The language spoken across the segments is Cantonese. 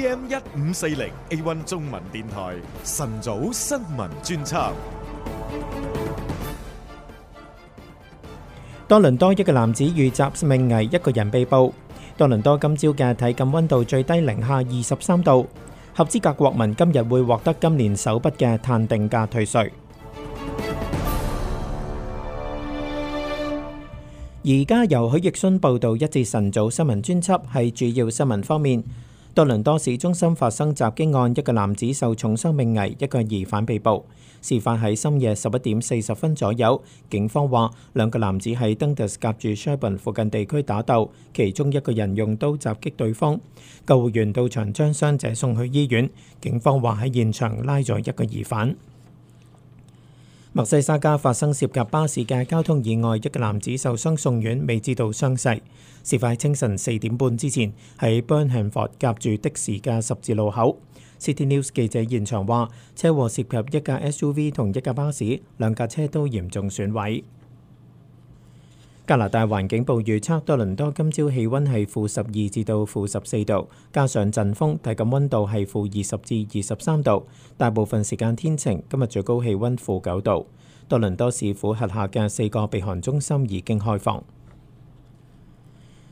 AM 一五四零 A One 中文電台晨早新聞專輯。多倫多一個男子遇襲命危，一個人被捕。多倫多今朝嘅體感溫度最低零下二十三度。合資格國民今日會獲得今年首筆嘅碳定價退稅。而家由許奕迅報道，一至晨早新聞專輯係主要新聞方面。多倫多市中心發生襲擊案，一個男子受重傷命危，一個疑犯被捕。事發喺深夜十一點四十分左右，警方話兩個男子喺 Dundas 夾住 Sherbourne 附近地區打鬥，其中一個人用刀襲擊對方。救護員到場將傷者送去醫院，警方話喺現場拉咗一個疑犯。密西沙加發生涉及巴士嘅交通意外，一個男子受傷送院，未知道傷勢。事發清晨四點半之前，喺 Burnhamthorpe 夾 Dixie 嘅十字路口。City News 記者現場話，車禍涉及一架 SUV 同一架巴士，兩架車都嚴重損毀。加拿大環境部預測多倫多今朝氣溫係負十二至到負十四度，加上陣風，體感溫度係負二十至二十三度。大部分時間天晴，今日最高氣温負九度。多倫多市府轄下嘅四個避寒中心已經開放。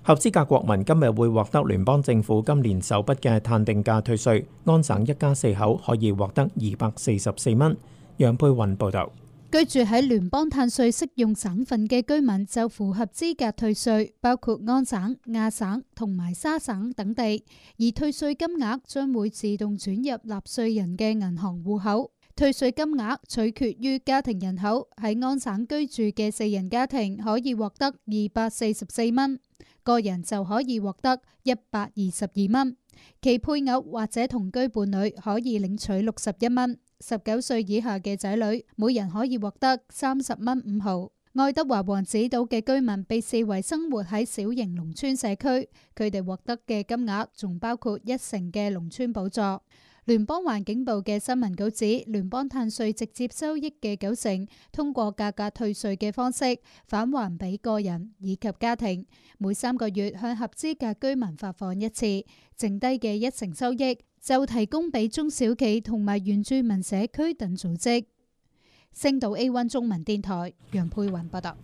合資格國民今日會獲得聯邦政府今年首筆嘅碳定價退稅，安省一家四口可以獲得二百四十四蚊。楊佩雲報導。居住喺聯邦碳稅適用省份嘅居民就符合資格退稅，包括安省、亞省同埋沙省等地，而退稅金額將會自動轉入納稅人嘅銀行戶口。退稅金額取決於家庭人口，喺安省居住嘅四人家庭可以獲得二百四十四蚊，個人就可以獲得一百二十二蚊，其配偶或者同居伴侶可以領取六十一蚊。十九歲以下嘅仔女，每人可以獲得三十蚊五毫。愛德華王子島嘅居民被視為生活喺小型農村社區，佢哋獲得嘅金額仲包括一成嘅農村補助。聯邦環境部嘅新聞稿指，聯邦碳稅直接收益嘅九成，通過價格退稅嘅方式返還俾個人以及家庭，每三個月向合資格居民發放一次，剩低嘅一成收益就提供俾中小企同埋原住民社區等組織。星島 A1 中文電台楊佩雲報道。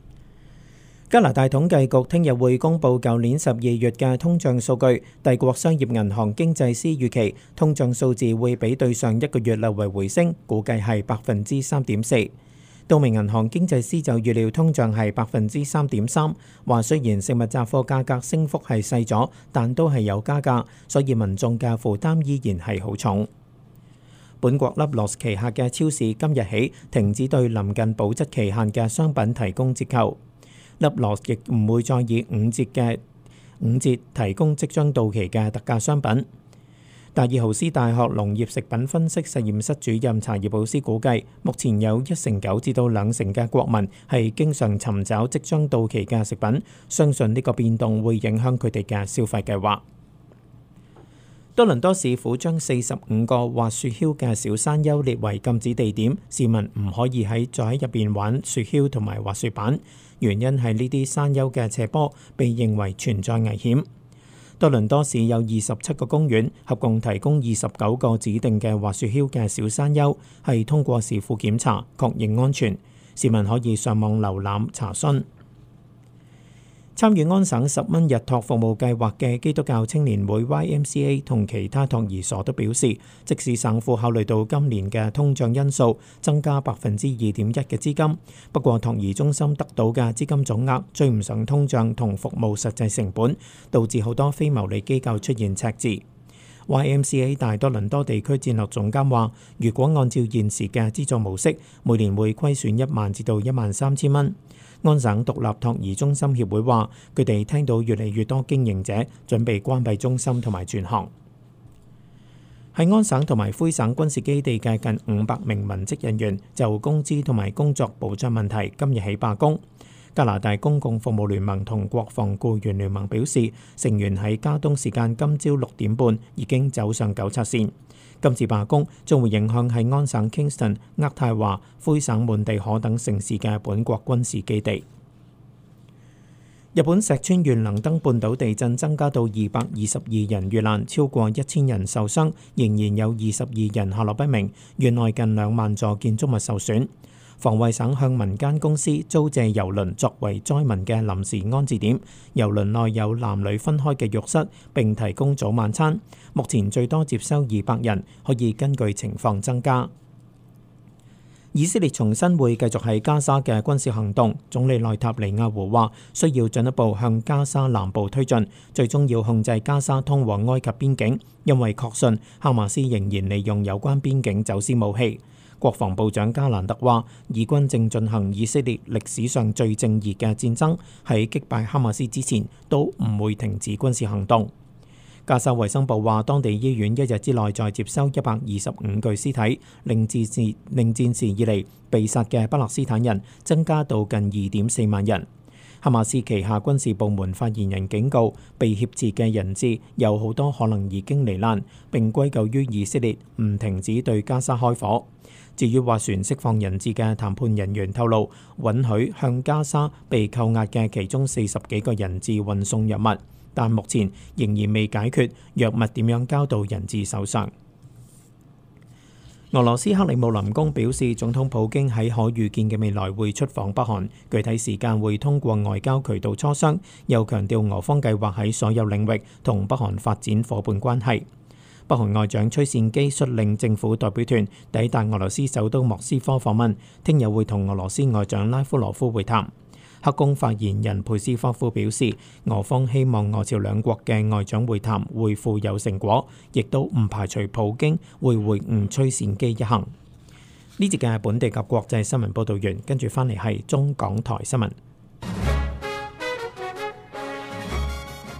加拿大統計局聽日會公布舊年十二月嘅通脹數據。帝國商業銀行經濟師預期通脹數字會比對上一個月略為回升，估計係百分之三點四。道明銀行經濟師就預料通脹係百分之三點三，話雖然食物雜貨價格升幅係細咗，但都係有加價，所以民眾嘅負擔依然係好重。本國粒諾旗下嘅超市今日起停止對臨近保質期限嘅商品提供折扣，粒諾亦唔會再以五折嘅五折提供即將到期嘅特價商品。達爾豪斯大學農業食品分析實驗室主任查爾布斯估計，目前有一成九至到兩成嘅國民係經常尋找即將到期嘅食品，相信呢個變動會影響佢哋嘅消費計劃。多倫多市府將四十五個滑雪橇嘅小山丘列為禁止地點，市民唔可以喺再喺入邊玩雪橇同埋滑雪板，原因係呢啲山丘嘅斜坡被認為存在危險。多倫多市有二十七個公園，合共提供二十九個指定嘅滑雪橇嘅小山丘，係通過市府檢查，確認安全。市民可以上網瀏覽查詢。參與安省十蚊日托服務計劃嘅基督教青年會 Y.M.C.A. 同其他托兒所都表示，即使省府考慮到今年嘅通脹因素，增加百分之二點一嘅資金，不過托兒中心得到嘅資金總額追唔上通脹同服務實際成本，導致好多非牟利機構出現赤字。Y.M.C.A. 大多倫多地區戰略總監話，如果按照現時嘅資助模式，每年會虧損一萬至到一萬三千蚊。安省獨立托兒中心協會話：佢哋聽到越嚟越多經營者準備關閉中心同埋轉行。喺安省同埋魁省軍事基地嘅近五百名文職人員就工資同埋工作保障問題，今日起罷工。加拿大公共服務聯盟同國防雇員聯盟表示，成員喺加東時間今朝六點半已經走上九七線。今次罷工將會影響喺安省 Kingston、渥太華、魁省滿地可等城市嘅本國軍事基地。日本石川縣能登半島地震增加到二百二十二人遇難，超過一千人受傷，仍然有二十二人下落不明。縣內近兩萬座建築物受損。防衛省向民間公司租借郵輪作為災民嘅臨時安置點，郵輪內有男女分開嘅浴室，並提供早晚餐。目前最多接收二百人，可以根據情況增加。以色列重新會繼續喺加沙嘅軍事行動，總理內塔尼亞胡話需要進一步向加沙南部推進，最終要控制加沙通往埃及邊境，因為確信哈馬斯仍然利用有關邊境走私武器。國防部長加蘭特話，以軍正進行以色列歷史上最正義嘅戰爭，喺擊敗哈馬斯之前都唔會停止軍事行動。加沙衛生部話，當地醫院一日之內再接收一百二十五具屍體，令自令戰事以嚟被殺嘅巴勒斯坦人增加到近二點四萬人。哈馬斯旗下軍事部門發言人警告，被挾持嘅人質有好多可能已經罹難，並歸咎於以色列唔停止對加沙開火。至於斡旋釋放人質嘅談判人員透露，允許向加沙被扣押嘅其中四十幾個人質運送藥物，但目前仍然未解決藥物點樣交到人質手上。俄羅斯克里姆林宮表示，總統普京喺可預見嘅未來會出訪北韓，具體時間會通過外交渠道磋商，又強調俄方計劃喺所有領域同北韓發展伙伴關係。北韓外長崔善基率領政府代表團抵達俄羅斯首都莫斯科訪問，聽日會同俄羅斯外長拉夫羅夫會談。克宮發言人佩斯科夫表示，俄方希望俄朝兩國嘅外長會談會富有成果，亦都唔排除普京會會晤崔善基一行。呢節嘅係本地及國際新聞報道完，跟住翻嚟係中港台新聞。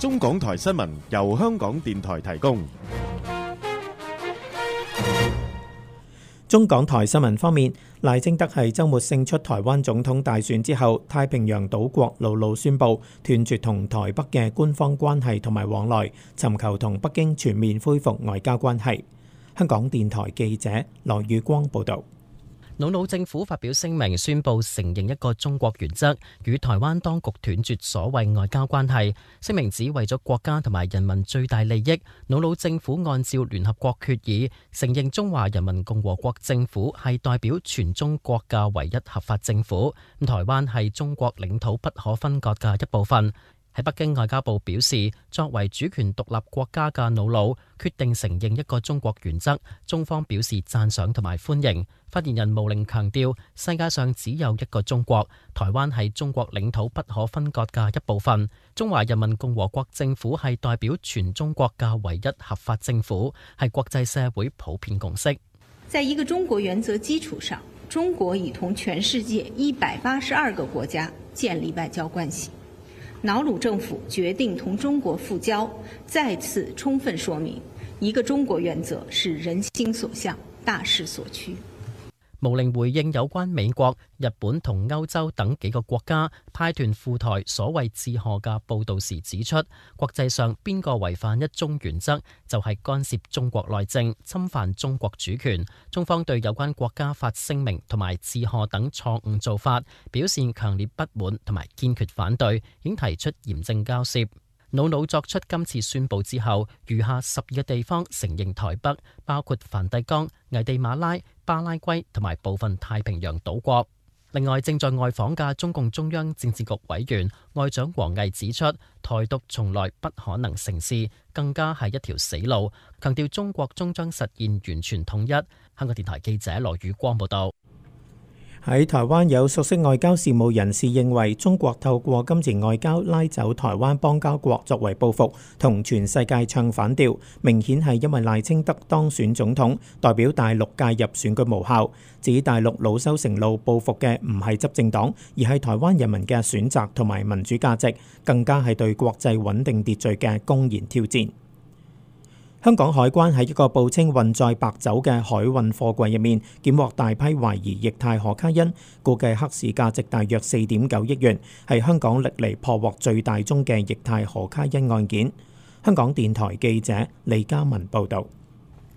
中港台新聞由香港電台提供。中港台新聞方面，賴清德係周末勝出台灣總統大選之後，太平洋島國瑙魯，宣布斷絕同台北嘅官方關係同埋往來，尋求同北京全面恢復外交關係，香港電台記者羅宇光報道。瑙魯政府發表聲明，宣布承認一個中國原則，與台灣當局斷絕所謂外交關係。聲明指為咗國家同埋人民最大利益，瑙魯政府按照聯合國決議，承認中華人民共和國政府係代表全中國嘅唯一合法政府。台灣係中國領土不可分割嘅一部分。喺北京外交部表示，作為主權獨立國家嘅瑙魯，決定承認一個中國原則，中方表示讚賞同埋歡迎。發言人毛寧強調，世界上只有一個中國，台灣係中國領土不可分割嘅一部分。中華人民共和國政府係代表全中國嘅唯一合法政府，係國際社會普遍共識。在一個中國原則基礎上，中國已同全世界一百八十二個國家建立外交關係。瑙魯政府決定同中國復交，再次充分說明“一個中國”原則是人心所向、大勢所趨。毛寧回應有關美國、日本同歐洲等幾個國家派團赴台所謂致賀嘅報道時指出，國際上邊個違反一中原則，就係、是、干涉中國內政、侵犯中國主權。中方對有關國家發聲明同埋致賀等錯誤做法，表現強烈不滿同埋堅決反對，已經提出嚴正交涉。瑙魯作出今次宣布之後，餘下十二個地方承認台北，包括梵蒂岡、危地馬拉、巴拉圭同埋部分太平洋島國。另外，正在外訪嘅中共中央政治局委員、外長王毅指出，台獨從來不可能成事，更加係一條死路，強調中國終將實現完全統一。香港電台記者羅宇光報道。喺台灣有熟悉外交事務人士認為，中國透過金錢外交拉走台灣邦交國作為報復，同全世界唱反調，明顯係因為賴清德當選總統，代表大陸介入選舉無效，指大陸老羞成怒報復嘅唔係執政黨，而係台灣人民嘅選擇同埋民主價值，更加係對國際穩定秩序嘅公然挑戰。香港海關喺一個報稱運載白酒嘅海運貨櫃入面，檢獲大批懷疑液態可卡因，估計黑市價值大約四點九億元，係香港歷嚟破獲最大宗嘅液態可卡因案件。香港電台記者李嘉文報道：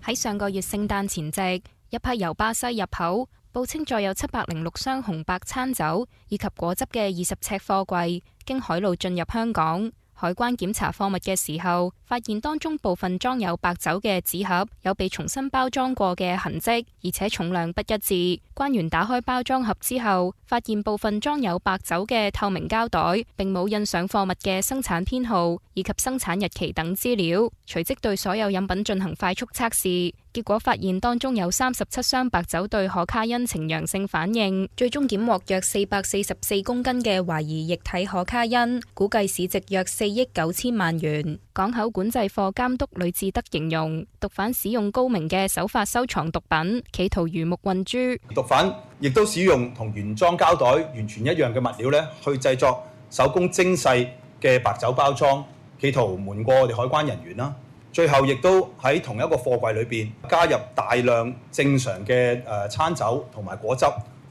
喺上個月聖誕前夕，一批由巴西入口、報稱載有七百零六箱紅白餐酒以及果汁嘅二十尺貨櫃，經海路進入香港。海關檢查貨物嘅時候，發現當中部分裝有白酒嘅紙盒有被重新包裝過嘅痕跡，而且重量不一致。關員打開包裝盒之後，發現部分裝有白酒嘅透明膠袋，並冇印上貨物嘅生產編號以及生產日期等資料，隨即對所有飲品進行快速測試。結果發現當中有三十七箱白酒對可卡因呈陽性反應，最終檢獲約四百四十四公斤嘅懷疑液體可卡因，估計市值約四億九千萬元。港口管制課監督呂志德形容，毒販使用高明嘅手法收藏毒品，企圖魚目混珠。毒販亦都使用同原裝膠袋完全一樣嘅物料咧，去製作手工精細嘅白酒包裝，企圖瞞過我哋海關人員啦。最後亦都喺同一個貨櫃裏邊加入大量正常嘅誒餐酒同埋果汁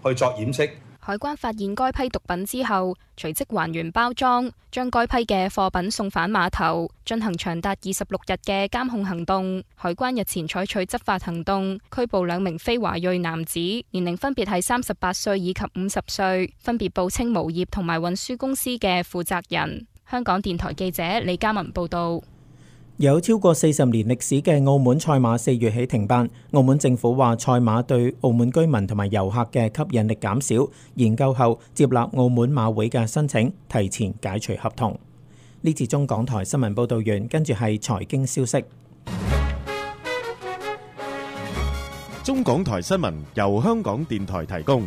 去作掩飾。海關發現該批毒品之後，隨即還原包裝，將該批嘅貨品送返碼頭進行長達二十六日嘅監控行動。海關日前採取執法行動，拘捕兩名非華裔男子，年齡分別係三十八歲以及五十歲，分別報稱無業同埋運輸公司嘅負責人。香港電台記者李嘉文報道。有超過四十年歷史嘅澳門賽馬四月起停辦。澳門政府話賽馬對澳門居民同埋遊客嘅吸引力減少，研究後接納澳門馬會嘅申請，提前解除合同。呢次中港台新聞報道完，跟住係財經消息。中港台新聞由香港電台提供。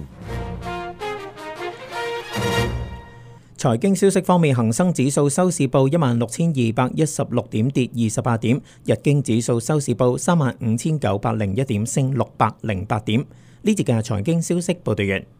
財經消息方面，恒生指數收市報一萬六千二百一十六點，跌二十八點；日經指數收市報三萬五千九百零一點，升六百零八點。呢節嘅財經消息報道完。